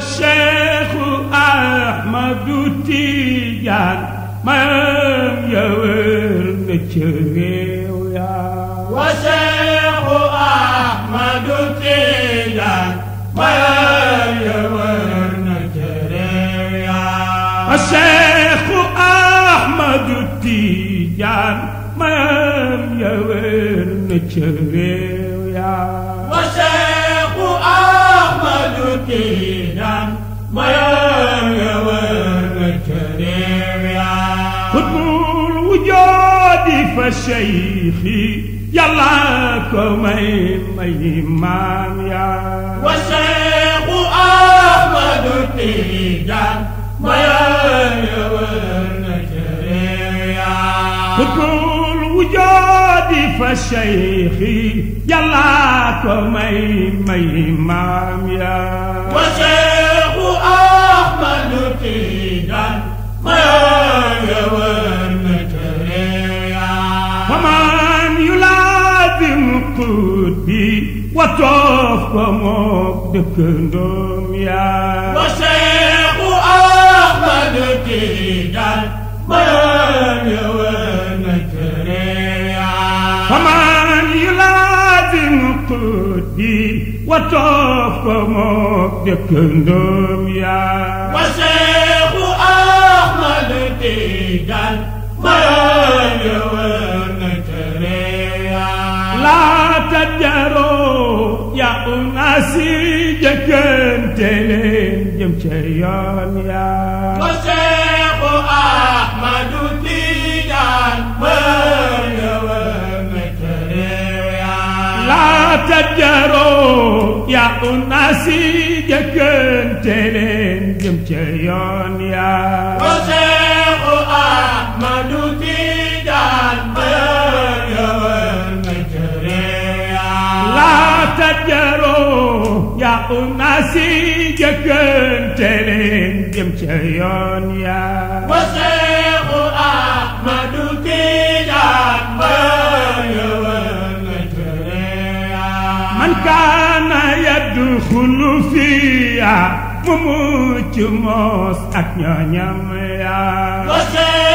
Cheikhu wa Cheikhu Ahmadu Tijaan maam ya wër na na ca ma seyxi yàlla ko may may maam yaa wa seyxu ahmadu tijaan mayaaya war na jareya xutul wujoodi fa seyxi yàlla ko may may maam yaa wa seyxu ahmadu tijaan mayaaya war watoof ko mook dëkkandoom yaa wa Seexu Ahmadu Tijaan baram yëwën na cëreya faman yu laazim quddi watoof ko mook dëkkandoom yaa wa Seexu Ahmadu Tijaan baram yëwën na cëreya laa tajaroo naa si jëkkante leen jëm ca yoon yaa ko Seexu Ahmadu Tijaan bër nga wër na ca réew yaa laa tajjaroo yaa naa si jëkkante leen jëm ca yoon yaa naa si jëkkante leen jëm ca yoon yaa wa Seexu Ahmadu Tijaan ba yëwal na tëreya man kaana yadxulu fiya mu mucc moos ak ñooñam yaa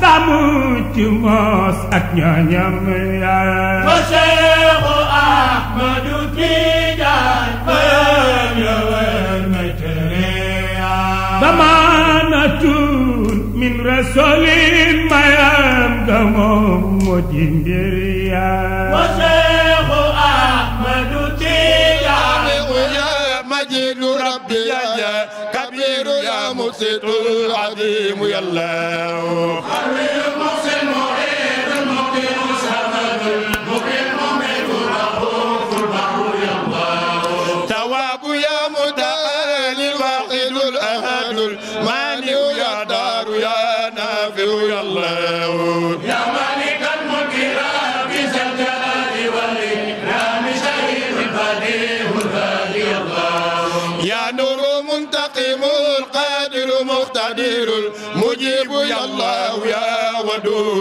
ta mucc moos ak ñooñam yaa ma Seexu Ahmadu Tijaan ma yowal ma tereya damaanatun min rasulin mayam ga moom moo di المقسط العظيم يا الله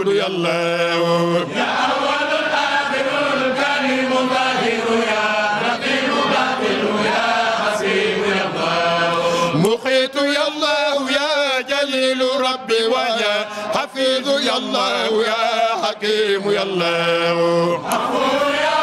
يا الله يا أول آخر الكريم ظاهر يا رقيب باطل يا حسيب يا الله محيط يا الله يا جليل ربي ويا حفيظ يا الله يا حكيم يا الله عفو يا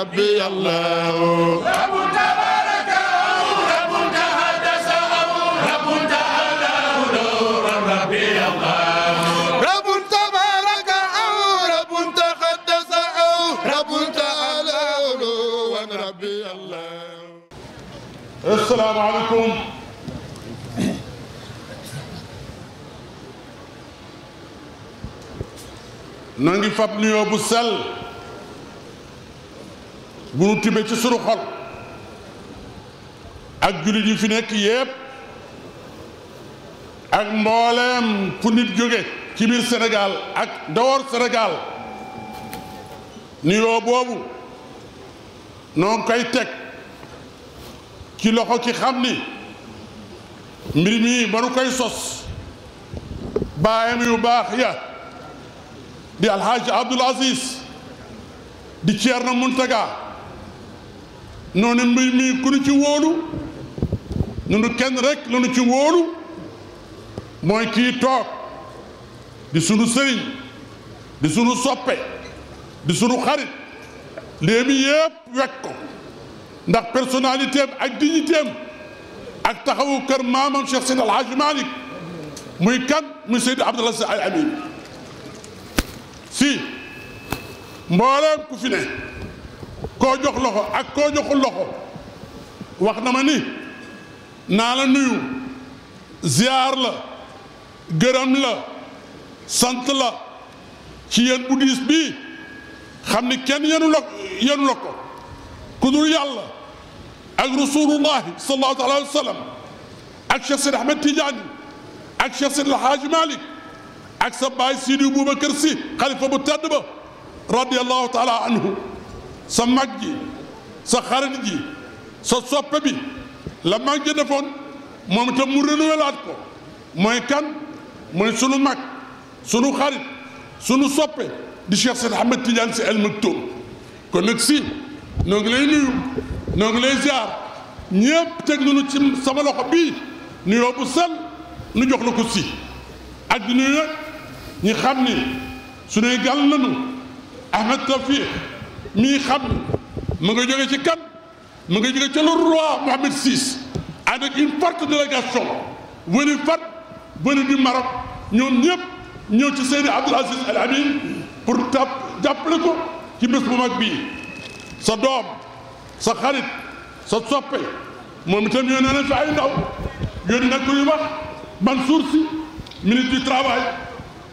ربي الله asalaamaaleykum noo ngi fab nuyoo bu sell bu nu tibbee ci sunu xol ak jullit yi fi nekk yépp ak mbooleem fu nit jóge ci biir Sénégal ak dawoor Sénégal nuyoo boobu noo koy teg ci loxo ki xam ni mbir mi ba nu koy sos baayam yu baax ya di alxaaji Abdul Aziz di Ceerno Muntaga noonu mbir mi ku ci woolu nunu kenn rek la ci woolu mooy kii toog di sunu sëriñ di sunu soppe di sunu xarit léemi yëpp wekk ko ndax personnalité ak dignité ak taxawu kër maamam Cheikh Seydi El Hadji Malick muy kan mu Seydi Abdoul si ay Amine si mbooleem ku fi ne koo jox loxo ak koo joxul loxo wax na ma ni naa la nuyu ziar la gërëm la ci yéen bu diis bii xam ni kenn yenu la yenu la ko ku dul yàlla ak rasulullahi sallallahu alayhi wa sallam ak Cheikh Ahmed Tidiane ak Cheikh Sidi El Hadj ak sa baay Sidi Boubacar si xalifa bu tedd ba radiallahu taala anhu sa mag ji sa xarit ji sa soppe bi la mag ji defoon moom itam mu renouveler ko mooy kan mooy sunu mag sunu xarit sunu soppe di Cheikh Seydi Ahmed Tidiane Sy Al Maktoum kon nag si noo ngi lay nuyu noo ngi lay ziar ci sama loxo bii nuyoo bu sell nu jox la ko si ak di nuyu nag ñi xam ni sunuy gàll nañu Ahmed Tawfiq mii xam mu nga jóge ci kan mu nga jóge ca le roi Mohammed VI ànd ak une forte délégation wëni fat wëni du Maroc ñoom ñëpp ñëw ci Seydi Abdoul Aziz Al Amin pour tap jàppale ko ci bés bu mag bii sa doom sa xarit sa soppe moom itam yónnee na fi ay ndaw yónnee na ko yu wax Mansour Sy ministre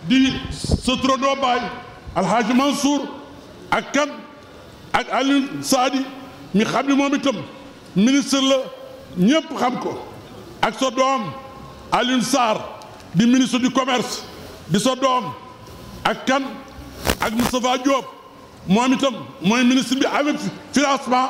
du di sa turandoo baay Alhaji Mansour ak kan ak Alioune Sadi mi xam ni moom itam ministre la ñëpp xam ko ak sa doom Alioune Sarr di ministre du commerce di sa doom ak kan ak Moustapha Diop moom itam mooy ministre bi avec financement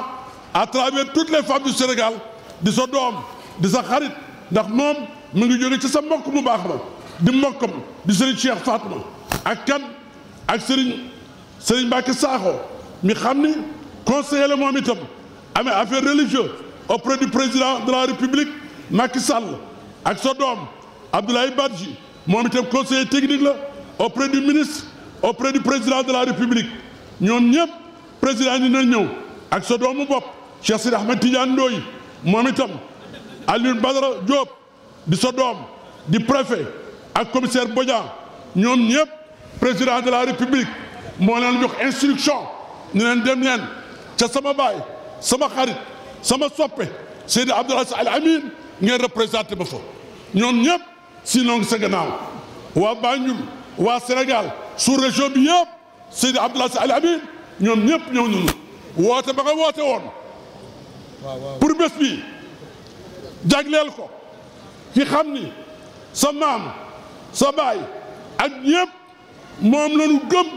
à travers toutes les femmes du Sénégal di sa doom di sa xarit ndax moom mu ngi jóge ci sa mbokk mu baax ma di mbokkam di Serigne Cheikh Fatma ak kan ak Serigne Serigne Mbacke Sakho. mi xam ni conseiller la moom itam amee affaire religieuse auprès du président de la république Macky ak sa doom Abdoulaye Badji moom itam conseiller technique la auprès du ministre auprès du président de la république ñoom ñëpp président dina ñëw ak sa doomu bopp Cheikh Sidi Ahmed Tidiane Ndoye moom itam Alioune Badara Diop di sa doom di préfet ak commissaire Bodian ñoom ñëpp président de la république moo leen jox instruction ñu neen ca sama baay sama xarit sama soppe Seydi Abdoul Al Amin ngeen ma fa ñoom ñëpp si noo ngi sa gannaaw waa waa Sénégal sous région bi yëpp Seydi Abdoul Aziz ñoom ñëpp ñëw nañu woote ba nga woote woon pour bés bi jagleel ko ki xam ni sa maam sa baay ak ñëpp moom la gëm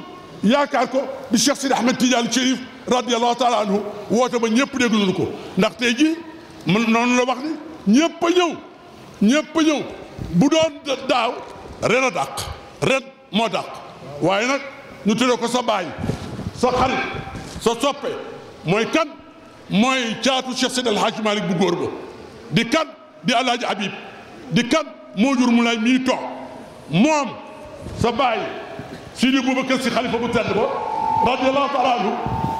yaakaar ko di Cheikh Sidi Ahmed Tidiane Chérif radiallahu taala anhu woote ba ñëpp dégg nañu ko ndax te jii mën noonu la wax ni ñëpp a ñëw ñëpp a ñëw bu doon daaw ren a dàq ren moo dàq waaye nag ñu tuddee ko sa baay sa xarit sa soppe mooy kan mooy caatu Cheikh Seydi El Hadji Malick bu góor ba di kan di Alaaji Habib di kan moo jur mu lay mii moom sa Sidi Boubacar si xalifa bu tedd ba radiyallahu taala anhu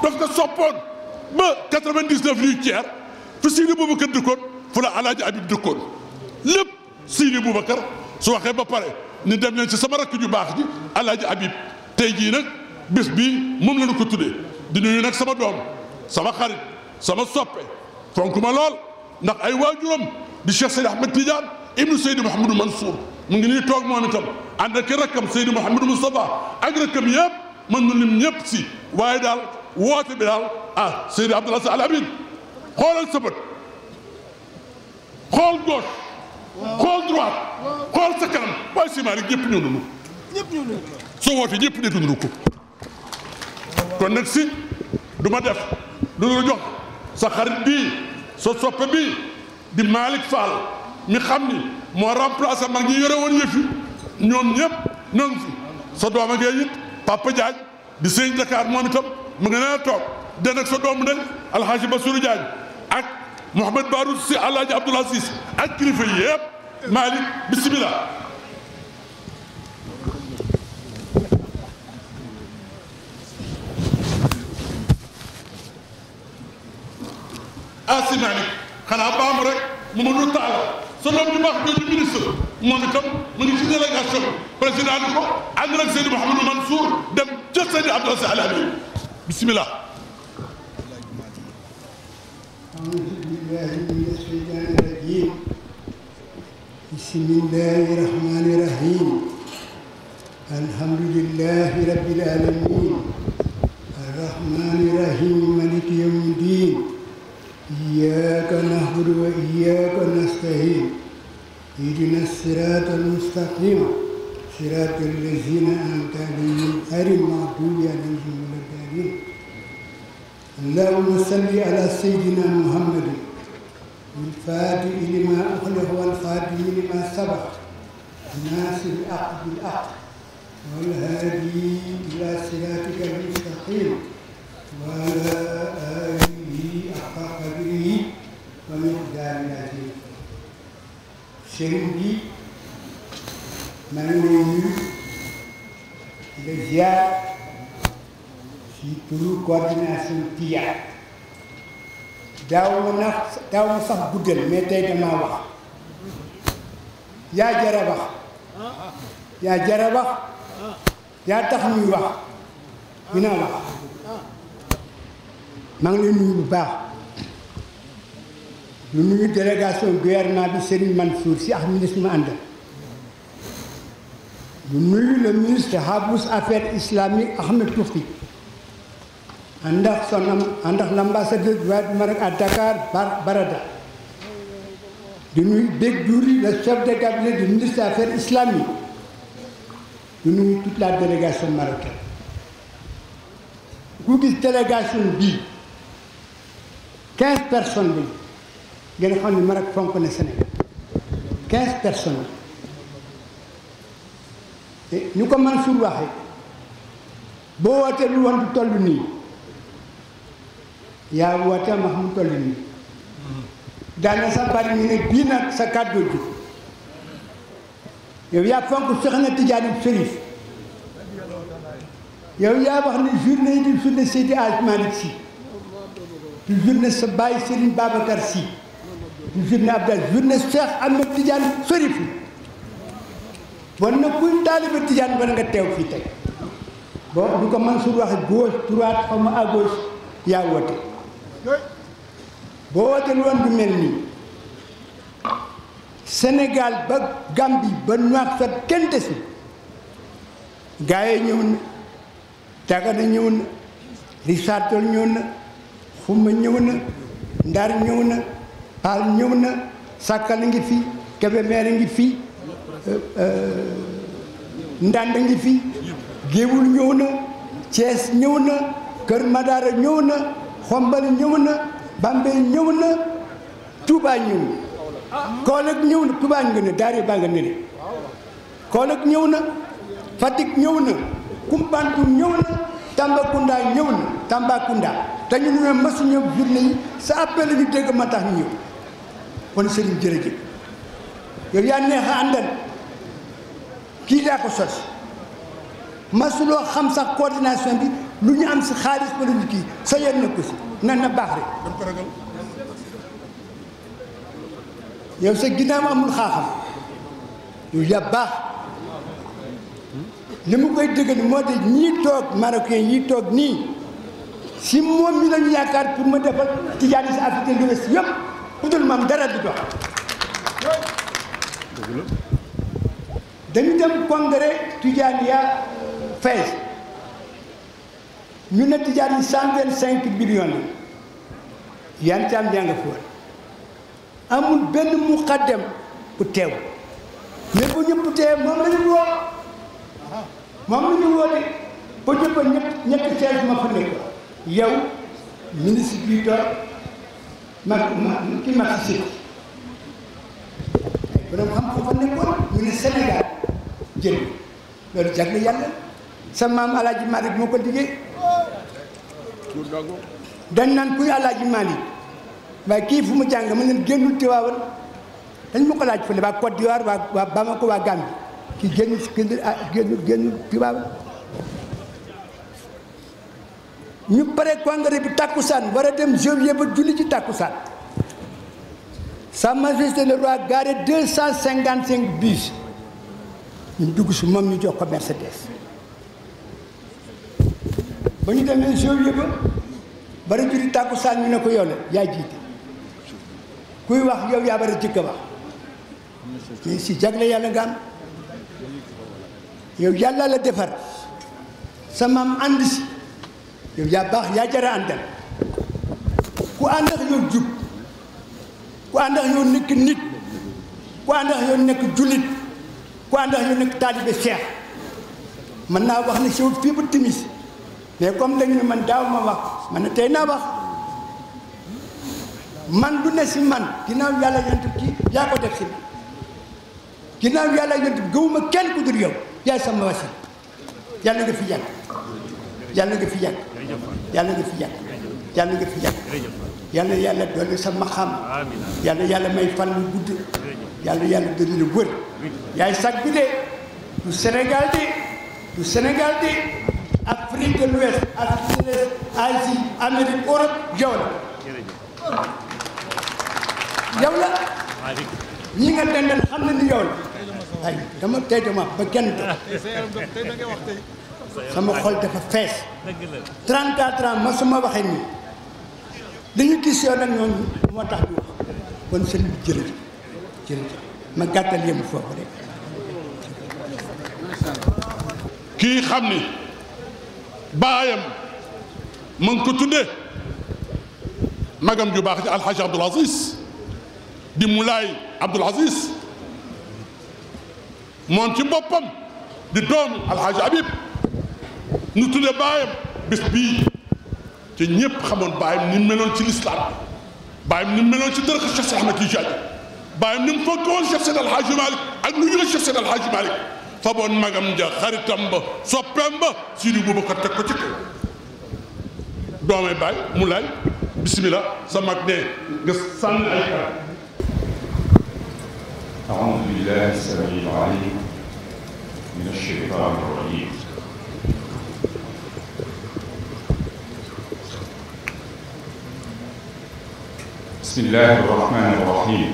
daf ko soppoon ba 99 luy ceer fu Sidi Boubacar dëkkoon fu la alaaji Habib dëkkoon lépp Sidi Boubacar su waxee ba pare ni dem leen ci sama rakk ju baax ji alaaji Habib tey jii nag bés bii moom la ko tuddee di nuyu sama doom sama xarit sama soppe fonk ma lool ndax ay waajuram di Cheikh Seydi Ahmed Tidiane ibnu Seydi Mouhamadou Mansour mu ngi nii toog moom itam ànd ak rakkam Seydou Mouhamadou Moustapha ak rakkam yëpp mën nu lim ñëpp si waaye daal woote bi daal ah Seydou Abdoulaye Sy Al Amine xoolal sa bët xool gauche xool droite xool sa kanam waaye si maanaam ñëpp ñëw nañu ñëpp ñëw nañu soo wootee ñëpp dégg nañu ko kon nag si du ma def du la jox sa xarit bii sa soppe bii di Malick Fall mi xam ni. moo remplacé mag ñi yore woon yëfi ñoom ñëpp ñoo ngi fi sa doom a ngay Papa Diagne di sëñ Dakar moom itam mu nga nee toog den ak sa doom dañ Alhaji Bassirou Diagne ak Mouhamed si Alhaji Abdoul ak kilifa yëpp Malick bisimilah. ah si Malick xanaa baamu rek mu mënul taal. soxna bu baax bi di ministre moom itam mu ngi ci délégation président bi ko ànd nag Seydou Mouhamadou Mansour dem ca Seydou Abdoul Aziz Al Amine bisimilah. bismillahi rahmani rahim alhamdulillahi rabbil alamin arrahmani rahim maliki yawmi din إياك نعبد وإياك نستعين اهدنا الصراط المستقيم صراط الذين أنعمت عليهم غير المغضوب عليهم ولا الضالين اللهم صل على سيدنا محمد الفاتح لما أخلف والخاتم لما سبق ناصر الحق بالحق والهادي إلى صراطك المستقيم وعلى آله muy Daaru Naaji sëriñ bi ma ngi lay nuyu nga ziar ci turu coordination TIYAT daaw ma na daaw ma wax yaa jara wax yaa jara wax yaa tax ñuy wax dinaa wax maa ngi lay baax ñu nuyu délégation gouvernement bi Serigne Mansour Sy ak ministre mu ànd ñu nuyu le ministre Habous affaires islamiques Ahmed Toufi ànd ak son ànd ak l'ambassadeur du Maroc à Dakar Barada di nuyu Bég Diouri le chef de cabinet du ministre des affaires islamiques di nuyu toute la délégation marocaine ku gis délégation bii quinze personnes lañu ngeen xam ne Maroc fonk na Sénégal quinze personnes ñu ko Mansour waxee boo wootee lu wan du toll nii yaa woote ma xam toll nii daana sa bari ñu ne bii nag sa kàddu ji yow yaa fonk Soxna Tijaani Cherif yow yaa wax ne journée yi di journée Seydi Hadji Malick journée sa baay Serigne Babacar Sy journée Abdel journée Cheikh Ahmed Tidiane Cherif wan na kuy taaliba Tidiane war nga teew fii tey bo du ko Mansour waxe gauche droite xaw ma à yaa woote boo woote woon mel nii Sénégal ba Gambie ba Nouakchott kenn desul gaa yi ñëw na Dagana ñëw na Richard ñëw na Xuma ñëw na Ndar ñëw na ah ñëw na sàkkal ngi fi Kébémer ngi fi ndànd ngi fi géewul ñëw na Thiès ñëw na Kër Madara ñëw na Xombal ñëw na Bambey ñëw na Touba ñëw na Kaolack ñëw na Touba nga ne daari baa nga ne ne Kaolack ñëw na fatik ñëw na Kumbantu ñëw na Tambacounda ñëw na Tambacounda te ñu ne mësuñu journée yi sa appel la ñu dégg ma tax ñëw kon sëriñ jërëjëf yow yaa neex a àndal kii daa ko sos masuloo xam sax coordination bi lu ñu am si xaalis wala lu kii sa yoon na ko si nan na baax rek yow sa ginnaaw amul xaaxam yow yaa baax li mu koy dëggal moo de ñii toog marocain yi toog nii si moom mi lañu yaakaar pour ma defal tijaani si Afrique de l'Ouest yëpp ku ma maam dara du dox dañu dem congrès Tijaaniya euh, Fès ñu ne tijaan yi cent cinq millions la yan caam yaa nga fi amul benn muqaddam bu teew mais bu ñëpp teew moom la woo moom la woo de ba ñëpp ñett ñetti ma fa nekk yow ministre mag ki mag si si borom xam ko fa nekkoon ñu ne Sénégal loolu jag na yàlla sa maam Alaaji Malick moo ko liggéey dañ naan kuy Alaaji Malick waaye kii fu mu jàng mu ne génnul Tiwaawan dañ ma ko laaj fo ne waa Côte d'Ivoire waa waa Bamako waa Gambie kii génnul génnul ah, Tiwaawan ñu pare congrès bi tàkkusaan war a dem janvier ba julli ci tàkkusaan Sa Majesté le roi garé deux cent cinquante cinq bus ñu dugg si moom ñu jox ko Mercedes ba ñu demee janvier ba bara julli tàkkusaan ñu ne ko yow la yaa jiite kuy wax yow yaa bara jëkk a wax si jagle yàlla nga am yow yàlla la defar sa maam ànd si yow yaa baax yaa jara àndal ku ànd ak yow jub ku ànd yow nekk nit ku ànd yow nekk jullit ku ànd yow nekk taalibe seex mën naa wax ne siw fii timis mais comme dañu ne man daaw ma wax man ne tey naa wax man du ne si man ginnaaw yàlla yent ki yaa ko yent bi gëwuma kenn ku dul yow yaay sama wasi yàlla nga fi yàgg yàlla nga fi yàgg yàlla nga fi yàgg yàlla nga fi yàgg yàlla yàlla dolli sa maxam yàlla yàlla may fan lu gudd yàlla yàlla dolli la wër yaay sag bi de du Sénégal de du Sénégal de Afrique de l'Ouest Afrique de l'Est Asie Amérique Europe yow la yow nga dendal xam ni yow la ay dama tey dama ba gant sama xol dafa fees 34 ans ma suma waxee nii li ñu gis yoon ak ñooñu moo tax ñu wax kon sëñ bi jërëjëf jërëjëf ma gàttal yem foofu rek kii xam ni baayam mu ngi ko tuddee magam ju baax ci alxaaji Abdul Aziz di Mulaay Abdul Aziz moom ci boppam di doomu alxaaji Habib ñu tudde baayam bés bii te ñépp xamoon baayam ni meloon ci lislaam baayam ni meloon ci dërëq Cheikh Ahmed Tidiane baayam ni mu fonk woon Cheikh Seydi El Hadji Malick ak nu jóge Cheikh Seydi El Hadji Malick fa boon magam ja xaritam ba soppeem ba Sidi Boubacar teg ko ci kaw doomee baay mu laaj bismillah sa mag ne nga sànni ay kàddu أعوذ بالله السميع العليم من الشيطان الرجيم bismillahi irrahmani irrahim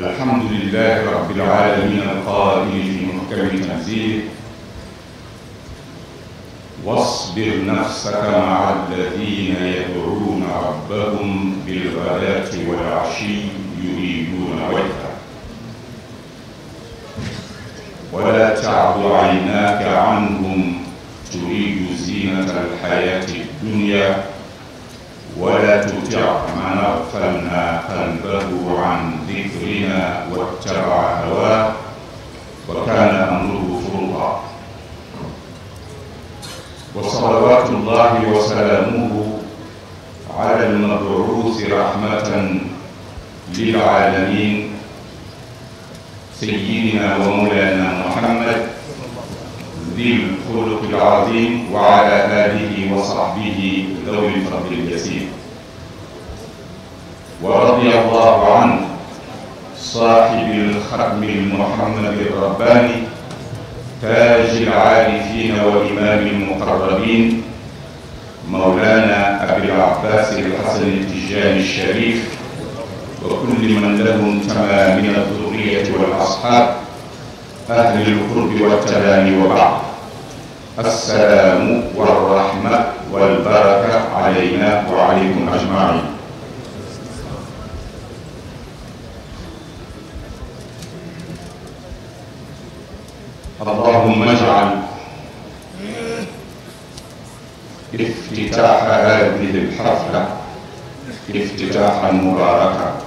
alhamdulilahi rabbil alamin alqaa'ili fi muhkami tanziilihi wasbir nafsaka ma'a allaziina yad'uuna rabbahum bilghadaati wal 'ashiyyi yuriiduuna wajhahu ولا تعد عيناك عنهم تريد زينة الحياة الدنيا ولا تطع من اغفلنا قلبه عن ذكرنا واتبع هواه وكان امره فرطا وصلوات الله وسلامه على المبعوث رحمه للعالمين سيدنا ومولانا محمد ذي الخلق العظيم وعلى آله وصحبه ذوي الفضل الجسيم ورضي الله عنه صاحب الختم المحمد الرباني تاج العارفين وإمام المقربين مولانا أبي العباس الحسن التجاني الشريف وكل من لهم كما من الذرية والأصحاب أهل القرب والتباني وبعض assalaamu wa rahma wal baraka alayna wa alaykum ajmain allahumma ij'al iftitaaha haadihi al-hafla iftitaahan mubaarakan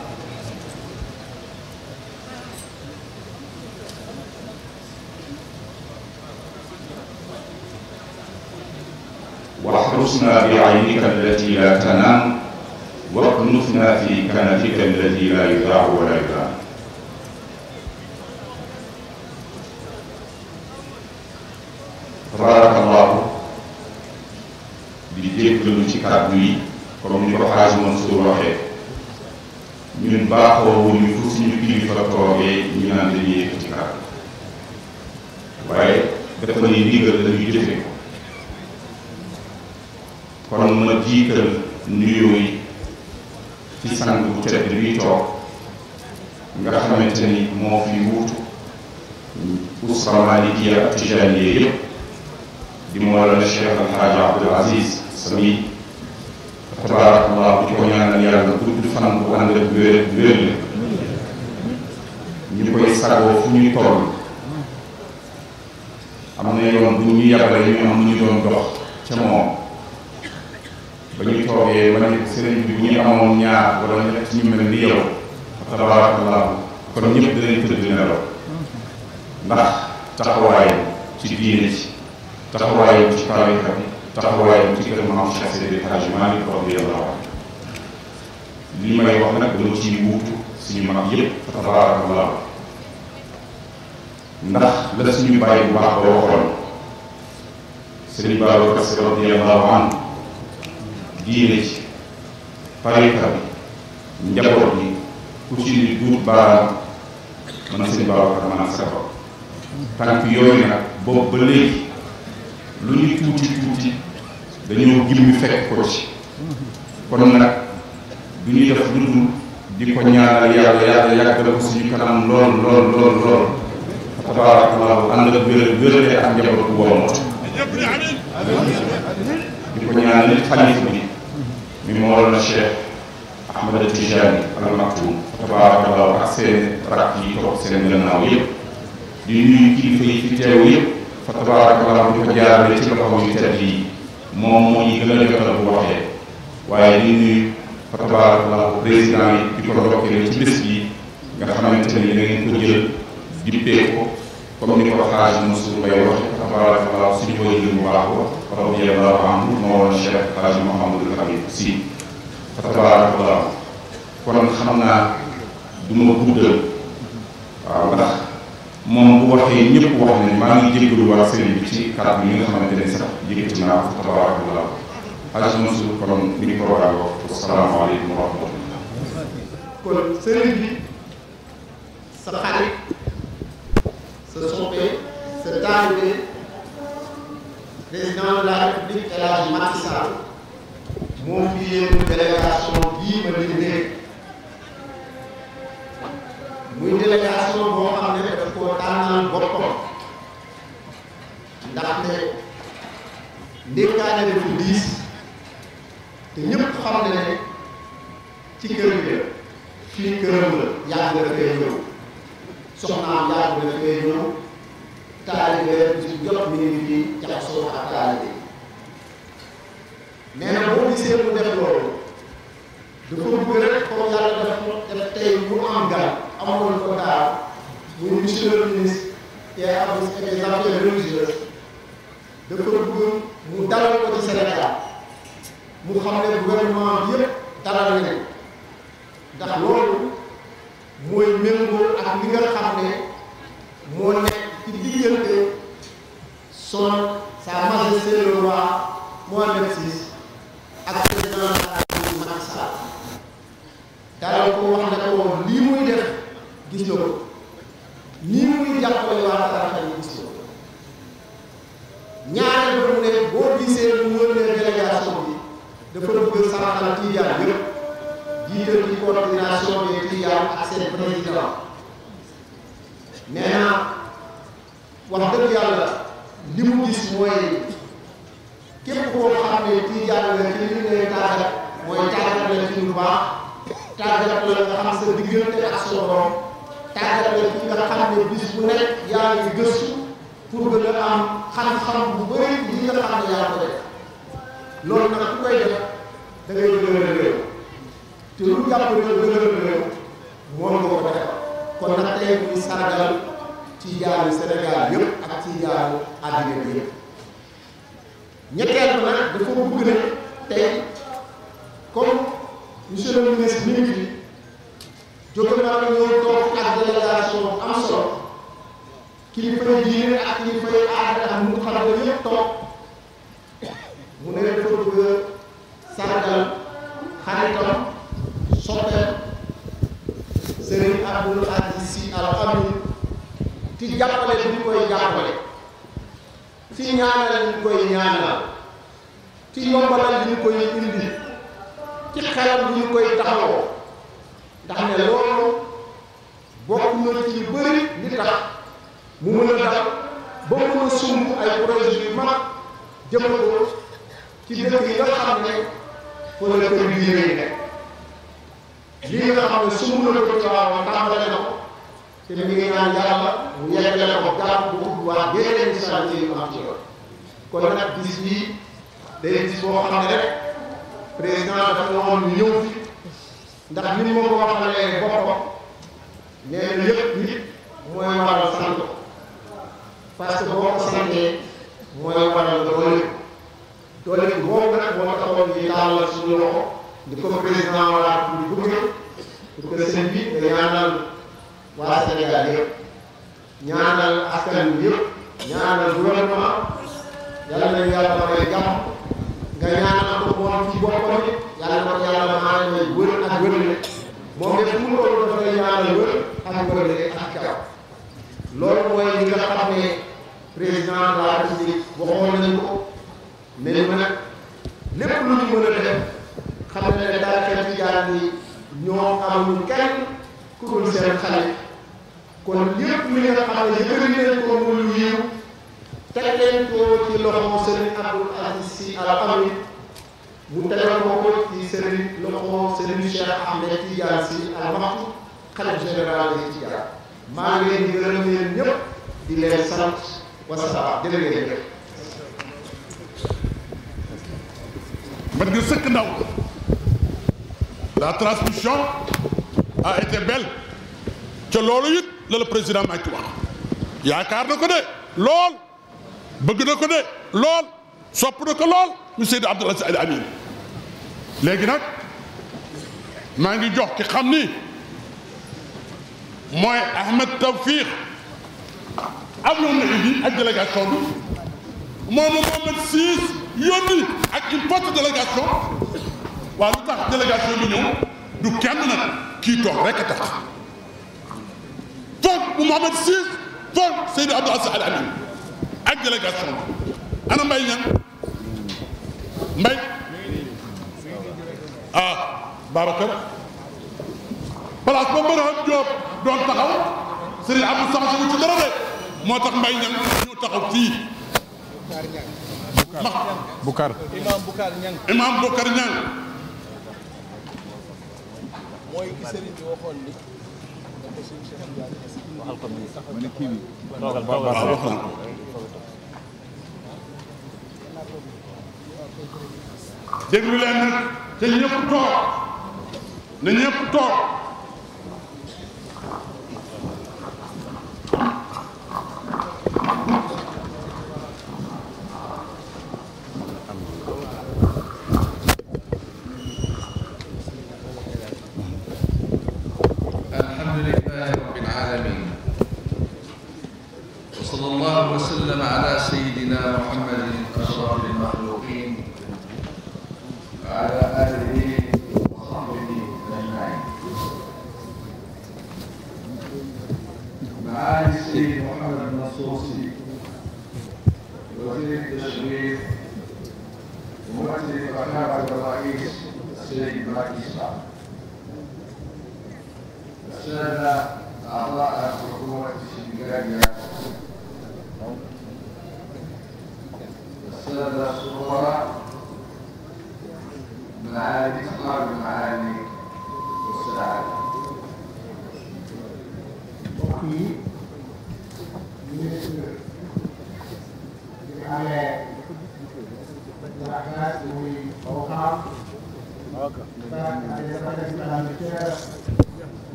وارزقنا بعينك التي لا تنام واكنفنا في كنفك الذي لا يضاع ولا يدام tabarakallahu di jéggalu ci kàddu yi comme ni ko xaaj Mansour waxee ñun baaxoo wuñu fu suñu kilifa toogee ñu naan dañuy yëkkati kàddu waaye dafa ne ndigal la ñuy jëfee ma jiital nuyoo yi ci sang bu tedd bi toog nga xamante ni moo fi wuutu usra malikiya ak tijaaniya yëpp di moolana Cheikh Alhaaj Abdul Aziz Sami di ko ñaanal yàlla gudd fan ak wér ak wér la ñu koy sagoo fu ñuy toll am na yoon bu ñu yi ñu am dox ca moom ba ñu toogee ma ne sëriñ bi amoon ñaar wala ñett ñu mel ni yow fa tabarakallahu kon ñëpp dinañ tëdd nelaw ndax taxawaayam ci diine ci taxawaayam ci tariixa bi ci kër maam Cheikh Seydi Hadji Malick radiyallahu anhu may wax nag dama wuutu suñu mag yëpp fa tabarakallahu ndax la suñu bàyyi bu baax ba waxoon sëriñ Babacar Sy radiyallahu diine ci tariqa bi njaboot yi ku ci ni duut baaraam man sëñ Babacar man ak sa bopp tànk yooyu nag boobu ba léegi lu ñuy tuuti tuuti dañoo gimmi fekk ko ci kon nag du ñuy def lu di ko ñaanal yàlla yàlla ko suñu kanam lool lool lool lool tabaarakallaahu ànd ak wér wér ak njaboot bu boobaa di ko ñaanal xalifa bi bi Mawlana Cheikh Ahmada Tijani al Maktoum tabarakallahu ak seen rakk yi toog seen gannaaw yëpp di nuyu kilifa fi teew yëpp fa tabarakallahu di ko jaarale ci loxo yu tedd yi moom moo ñu gën a jotal bu waxee waaye di nuyu fa tabarakallahu président yi di ko ndokkee ci bés bi nga xamante ni da ngeen ko jël dippee ko comme ni ko xaaj Mansour Mbaye waxee tabarakallah suñu wajur bu baax ba radiyallahu anhu moo woon Cheikh Hadj Mouhamadul Habib Sy fa tabarakallah kon xam naa du ma waaw ndax moom bu waxee ñëpp wax nañ maa ngi jéggalu waa sëriñ ci kàddu yi nga xamante ne sax yëkkati naa fa tabarakallah Hadj Mansour kon mi ngi ko waral wax asalaamaaleykum wa rahmatullah kon sëriñ bi sa xarit sa soppe sa président de la république El Hadji Macky Sall moo fi yéen délégation bii ma liggéey muy délégation boo xam ne daf koo tànnal boppam ndaxte ndénkaane dafa diis te ñëpp xam ne ne ci kër gi la fii këram la yàgg na fee ñëw soxnaam yàgg na fee ñëw taalibe di jot minute bi jaxasoo ak taalibe nee boo gisee mu def loolu dafa bëgg rek comme yàlla dafa tey mu am gan amoon ko daaw muy monsieur le ministre Pierre Abdou et des affaires religieuses dafa bëgg mu dalal ko ci Sénégal mu xam ne gouvernement yëpp dalal nañ ndax loolu mooy méngoo ak li nga xam ne moo nekk ci diggante son sa majesté le roi Mohamed VI ak président de la République Macky Sall daal ko wax ne ko lii muy def gis nga ko nii muy jàppale waa Saraxel gis nga ko ba mu ne boo gisee mu wër ne délégation bi dafa bëgg Saraxel Tijaan yëpp jiital ci coordination des Tijaan ak seen président nee naa wax dëgg yàlla li mu gis mooy képp koo xam ne ci jàll la ci li ngay mooy tàggat la ci baax tàggat la nga xam ne bis bu nekk yaa ngi gëstu pour gën a am xam-xam bu bëri li nga xam ne yaa ko def loolu nag ku koy def da ngay dëgëral réew te lu jàpp ne dëgëral réew moom nga ko def kon nag tey bu sargal ci jaaru Sénégal yëpp ak ci àddina bi yëpp ñetteel bi nag dafa bëgg tey comme monsieur le ministre mi ngi fi jóge naa ñëw toog ak délégation am solo kilifa diine ak kilifa aada ak mu xam ne yëpp toog mu ne dafa bëgg sargal xaritam soppeem Serigne Abdoul Aziz Sy Al Amine ci jàppale bi ñu koy jàppale ci ñaanal ñu koy ñaanal ci yombalal bi ñu koy indi ci xelam bi ñu koy taxawoo ndax ne loolu bokk na ci yu bëri li tax mu mën a dal ba mën a sumb ay projet yu mag jëmale ko ci dëkk yi nga xam ne fa la kër diine yi nekk lii nga xam na ko ci waaw tàmbale na te mi ngi ñaan yàlla mu yeggale ko gàmm bu ubbi waa yeneen ci sant yu am ci yoon kon nag bis bii day gis boo xam ne rek président dafa woon ñëw fi ndax ni ma ko waxalee boppam nee na yëpp nit mooy waral sant ko parce boo ko santee mooy waral doole doole boobu nag moo taxoon ñu tàllal suñu loxo di ko président wala di bëgg pour que sëñ bi day ñaanal. waa Sénégal yëpp ñaanal askan bi yëpp ñaanal gouvernement yàlla nañu nga ñaanal ko moom ci boppam it yàlla man yàlla maa ngi wër ak wërale moom it mu ko dafay ñaanal wër ak wërale ak kaw loolu mooy li nga xam ne président de la république waxoon nañu ko mais nag lépp lu ñu mën a def xam ne daal xel ci jaar ni ñoo amuñu kenn ku dul seen xale kon lépp li nga xam ne yëkkati leen ko mu lu yiw teg leen ko ci loxo Serigne Abdoul Aziz Sy Al Amine mu tegal ko ko ci Serigne loxo Serigne Cheikh Ahmed Tidiane Sy Al Maktoum xalifa général yi Tidiane maa ngi leen di gërëm leen ñëpp di leen sant wasalaam jërë ngeen jëf. ma di sëkk ndaw la transmission. a été belle ca loolu it la la président Macky wax yaakaar na ko lool bëgg na ko lool sopp na ko lool mu Seydi Abdou Aziz Al Amine léegi nag maa ngi jox ki xam ni mooy Ahmed Tawfiq am yoon na ak délégation bi moom la Mohamed Siis ak une forte délégation waaw lu tax délégation bi ñëw du kenn kii toog rek a tax foog bu Mouhamed Ciss foog Seydou Abdou Aziz Al Amine ak délégation ana Mbaye ñan Mbaye ah Babacar place ba Mbërëm Diop doon taxaw Serigne Abdou Samb si ci dara moo tax Mbaye ñan ñu taxaw fii. Boucar Boucar Imam Boucar Niang mooy ki sëriñ bi waxoon ni te ñëpp toog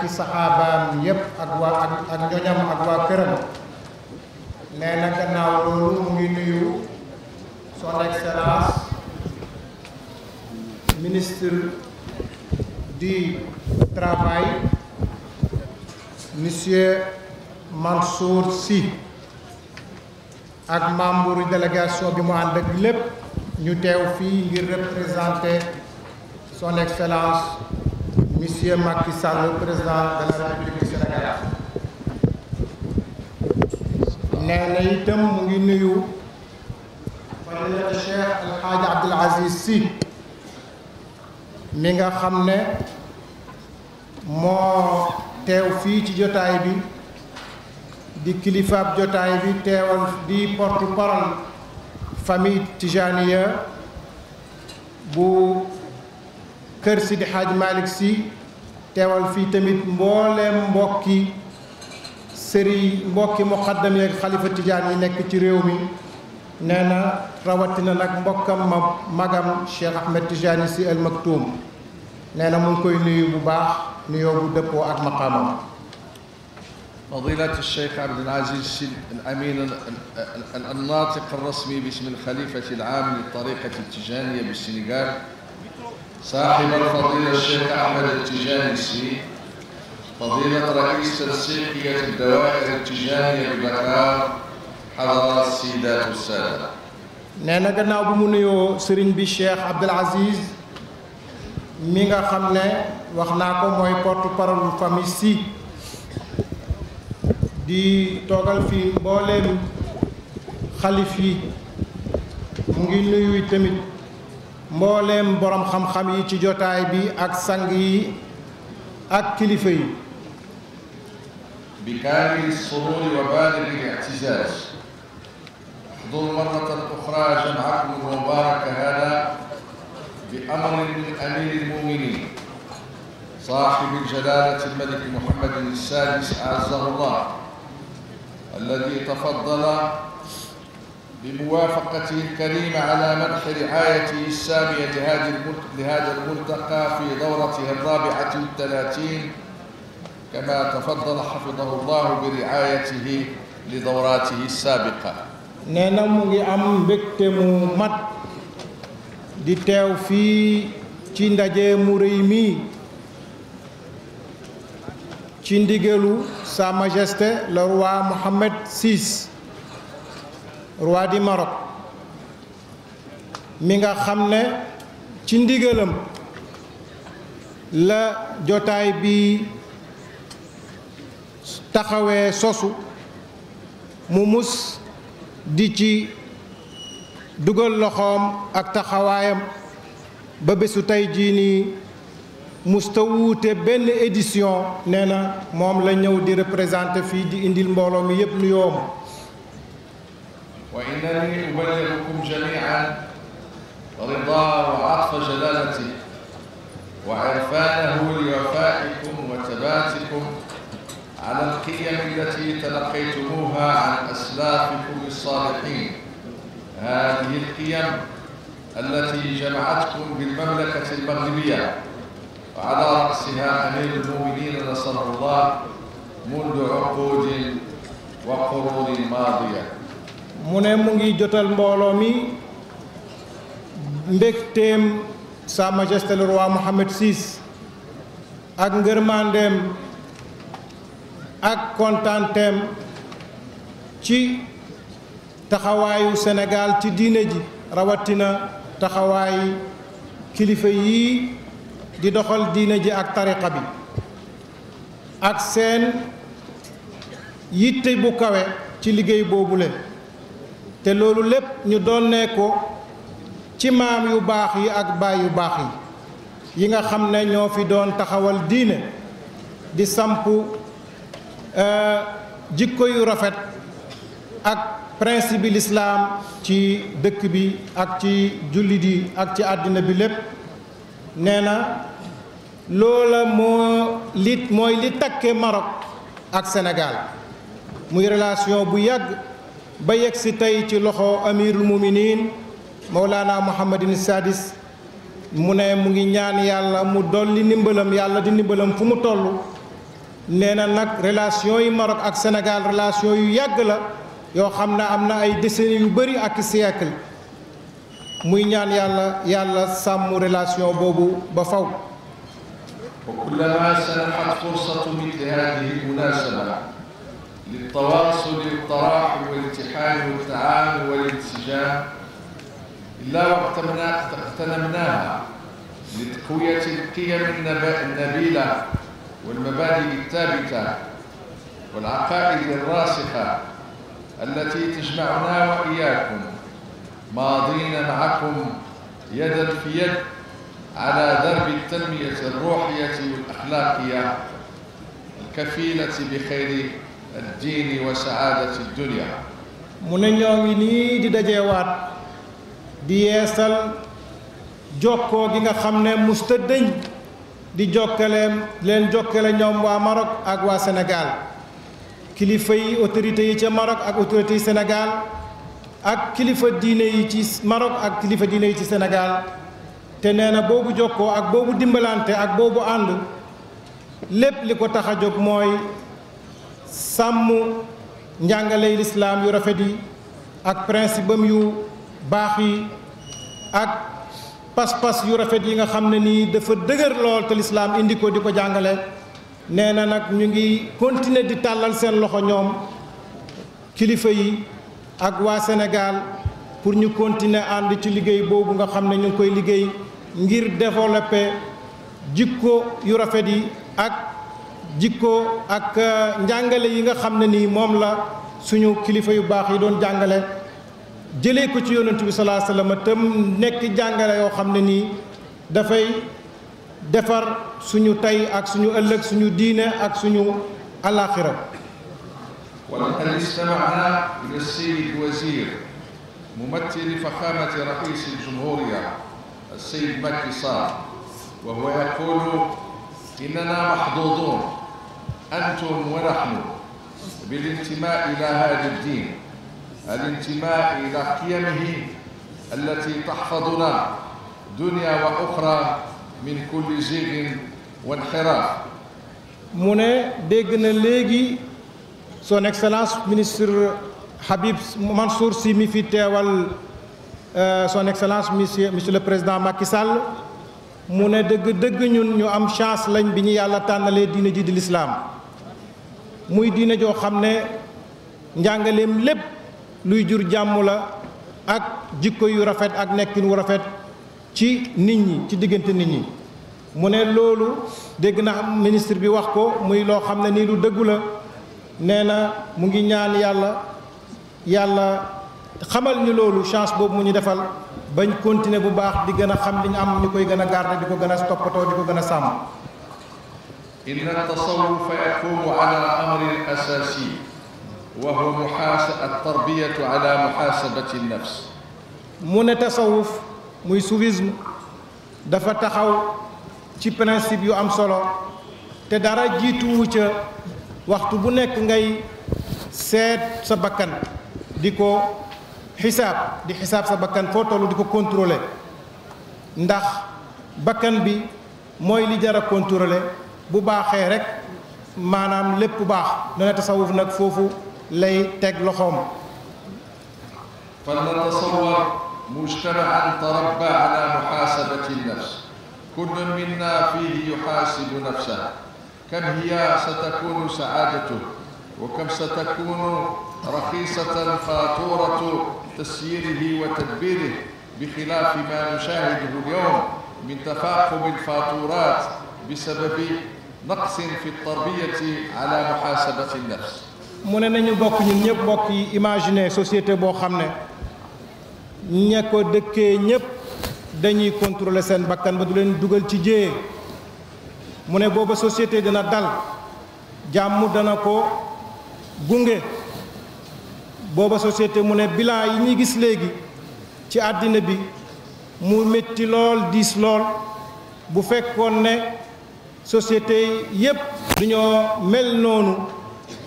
ci saxaabaam yépp ak waa ak ak ñoñam ak waa këram nee na gannaaw loolu mu ngi nuyu son excellence ministre du travail monsieur Mansour Sy ak membre délégation bi mu ànd ak lépp ñu teew fii ngir représenter son excellence Monsieur Macky Sall mu ngi nuyu fadilata Cheikh El Hadj Abdoul Aziz Sy mi nga xam ne moo teew fii ci jotaay bi di kilifaab jotaay bi teewal di porte-parole famille Tijaniya bu kër Sidi Hadj Malick Sy teewal fii tamit mbooleem mbokki sëriñ mbokki muqaddam yeeg xalifa tijaan nekk ci réew mi nee na rawatina nag mbokkam ma magam Cheikh Ahmed Tijani si El Maktoum nee na mu ngi koy nuyu bu baax nuyoo bu dëppoo ak maqaamam فضيلة الشيخ عبد العزيز الأمين الناطق الرسمي باسم الخليفة العام للطريقة التجانية بالسنغال صاحب الفضيلة الشيخ أحمد التجاني السي فضيلة رئيس تنسيقية الدوائر التجانية بدكار حضرات السيدات والسادة nee na gannaaw bu mu nuyoo sëriñ bi Cheikh Abdoul Aziz mi nga xam ne wax naa ko mooy porte parole famille si di toogal fi mbooleem xalif yi mu ngi nuyu tamit mbooleem boroom xam-xam yi ci jotaay bi ak sang yi ak kilifa yi bi kaamil sururi wa baadir bil i'tijaaj احضر مرة أخرى جمعكم المبارك هذا بأمر من أمير المؤمنين صاحب جلالة الملك محمد السادس أعزه الله الذي تفضل بموافقته الكريمة على منح رعايته السامية لهذا الملتقى في دورته الرابعة والثلاثين كما تفضل حفظه الله برعايته لدوراته السابقة nee na mu ngi am mbégte mu mat di teew fii ci ndaje mu rëy mii ci ndigalu Sa Majesté le roi Mohammed VI roi du mi nga xam ne ci ndigalam la jotaay bi taxawee sosu mu mus di ci dugal loxoom ak taxawaayam ba bésu tey jiini nii musta wuute benn édition nee na moom la ñëw di représenté fii di indil mbooloo mi yépp nuyoom وإنني أبلغكم جميعا رضا وعطف جلالته وعرفانه لوفائكم وثباتكم على القيم التي تلقيتموها عن أسلافكم الصالحين هذه القيم التي جمعتكم بالمملكة المغربية وعلى رأسها أمير المؤمنين نصر الله منذ عقود وقرون ماضية mu ne mu ngi jotal mbooloo mi mbégteem sa majesté le roi Mohammed VI ak ngërmandeem ak kontaanteem ci taxawaayu senegaal ci diine ji rawatina taxawaayu kilifa yii di doxal diine ji ak tariqa bi ak seen yitte bu kawe ci liggéey boobule te loolu lépp ñu doon ko ci maam yu baax yi ak baay yu baax yi yi nga xam ne ñoo fi doon taxawal diine di samp euh, jikko yu rafet ak principe bi lislaam ci dëkk bi ak ci jullit yi ak ci àddina bi lépp nee na loola moo li mooy li takke Maroc ak Sénégal muy relation bu yàgg ba yegg si tey ci loxo amirul muminin Mawlana Muhammadin Sadis mu ne mu ngi ñaan yàlla mu dolli ndimbalam yàlla di ndimbalam fu mu toll nee na nag relation yi Maroc ak senegal relation yu yàgg la yoo xam ne am na ay décennies yu bëri ak siècle muy ñaan yàlla yàlla sàmm relation boobu ba faw للتواصل والتراحم والالتحام والتعاون والانسجام إلا واغتنمناها اغتنمناها لتقوية القيم النبيلة والمبادئ الثابتة والعقائد الراسخة التي تجمعنا وإياكم ماضين معكم يدا في يد على درب التنمية الروحية والأخلاقية الكفيلة بخير diini mu ne ñoo ngi nii di dajeewaat di yeesal jokkoo gi nga xam ne musta dëñ di jokkale leen jokkale ñoom waa Maroc ak waa Sénégal kilifa yi autorités yi ca Maroc ak autorités yi Sénégal ak kilifa diine yi ci Maroc ak kilifa diine yi ci Sénégal te nee na boobu jokkoo ak boobu dimbalante ak boobu ànd lépp li ko tax a jóg mooy sàmm njàngaley lislaam yu rafet yi ak principam yu baax yi ak pas-pas yu rafet yi nga xam ne nii dafa dëgër lool te lislaam indi ko di ko jàngale nee na nag ñu ngi continuer di tàllal seen loxo ñoom kilifa yi ak waa Sénégal pour ñu continuer ànd ci liggéey boobu nga xam ne ñu ngi koy liggéey ngir développer jikko yu rafet yi ak jikko ak euh, njàngale yi nga xam ne nii moom la suñu kilifa yu baax yi doon jàngale jëlee ko ci yonent bi salaa sallam te nekk jàngale yoo xam ne nii dafay defar suñu tey ak suñu ëllëg suñu diine ak suñu alaaxira ولقد استمعنا إلى السيد الوزير ممثل أنتم ونحن بالانتماء إلى هذا الدين الانتماء إلى قيمه التي تحفظنا دنيا وأخرى من كل زيغ وانحراف mu ne dégg na léegi son excellence ministre Habib Mansour Sy mi fi teewal euh, son excellence monsieur monsieur le président Macky Sall mu ne dëgg dëgg ñun ñu am chance lañ bi ñu yàlla tànnalee diine ji di lislaam muy diine joo xam ne njàngaleem lépp luy jur jàmm la ak jikko yu rafet ak nekkin wu rafet ci nit ñi ci diggante nit ñi mu ne loolu dégg na am ministre bi wax ko muy loo xam ne nii lu dëggu la nee na mu ngi ñaan yàlla yàlla xamal ñu loolu chance boobu mu ñu defal bañ continuer bu baax di gën a xam li ñu am ñu koy gën a garder di ko gën a toppatoo di ko gën a sàmm إن التصوف يقوم على أمر أساسي وهو محاسبة التربية على محاسبة النفس mu ne tasawuf muy soufisme dafa taxaw ci principe yu am solo te dara jiituwu ca waxtu bu nekk ngay seet sa bakkan di ko xisaab di xisaab sa bakkan foo toll di ko contrôler ndax bakkan bi mooy li jara a bu baaxee rek maanaam lépp baax dana tasawuf nag foofu lay teg loxoom فلن نتصور مجتمعا تربى على محاسبة النفس كل منا فيه يحاسب نفسه كم هي ستكون سعادته وكم ستكون رخيصة فاتورة تسييره وتدبيره بخلاف ما نشاهده اليوم من تفاقم الفاتورات بسبب naqsin fi tarbiyati ala muhasabati nafs mu ne nañu bokk ñun ñëpp bokk yi imaginer société boo xam ne ña ko dëkkee ñëpp dañuy contrôler seen bakkan ba du leen dugal ci jéyee mu ne booba société dina dal jàmm dana ko gunge booba société mu ne bilan yi ñuy gis léegi ci àddina bi mu metti lool diis lool bu fekkoon ne société yépp duñoo mel noonu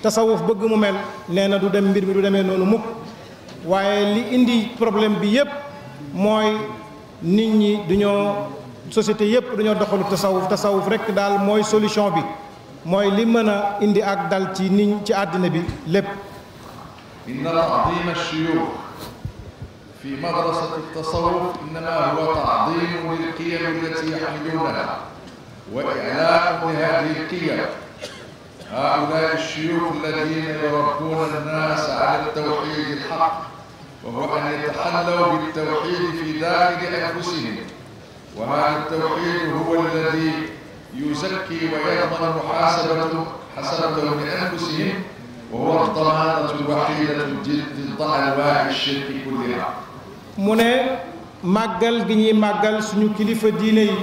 tasawuf bëgg mu mel nee na du dem mbir mi du demee noonu mukk waaye li indi problème bi yépp mooy nit ñi duñoo ñoo société yépp du ñoo doxalu tasawuf tasawuf rekk daal mooy solution bi mooy li mën a indi ak dal ci nit ci àddina bi lépp inna ta'zim ash-shuyukh fi madrasati at-tasawuf innama huwa ta'zim lil-qiyam allati yahmilunaha وإعلاء هذه القيم هؤلاء الشيوخ الذين يربون الناس على التوحيد الحق وهو أن يتحلوا بالتوحيد في داخل أنفسهم وهذا التوحيد هو الذي يزكي ويضمن محاسبة حسنته من أنفسهم وهو الضمانة الوحيدة للأنواع الشرك كلها. mu ne màggal gi ñuy màggal suñu kilifa diine yi.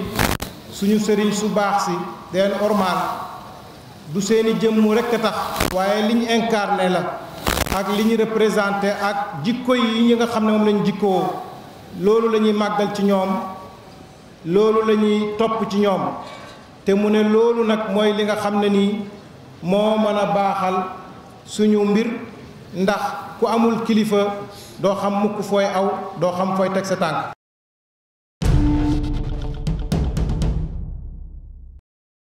suñu sëriñ su baax si deen ormal du seeni jëmm rekk a tax waaye li ñu incarné la ak li ñu représenté ak jikko yi ñi nga xam ne moom lañu jikkoo loolu la ñuy màggal ci ñoom loolu lañuy topp ci ñoom te mu ne loolu nag mooy li nga xam ne nii moo mën a baaxal suñu mbir ndax ku amul kilifa doo xam mukk fooy aw doo xam fooy teg sa tànk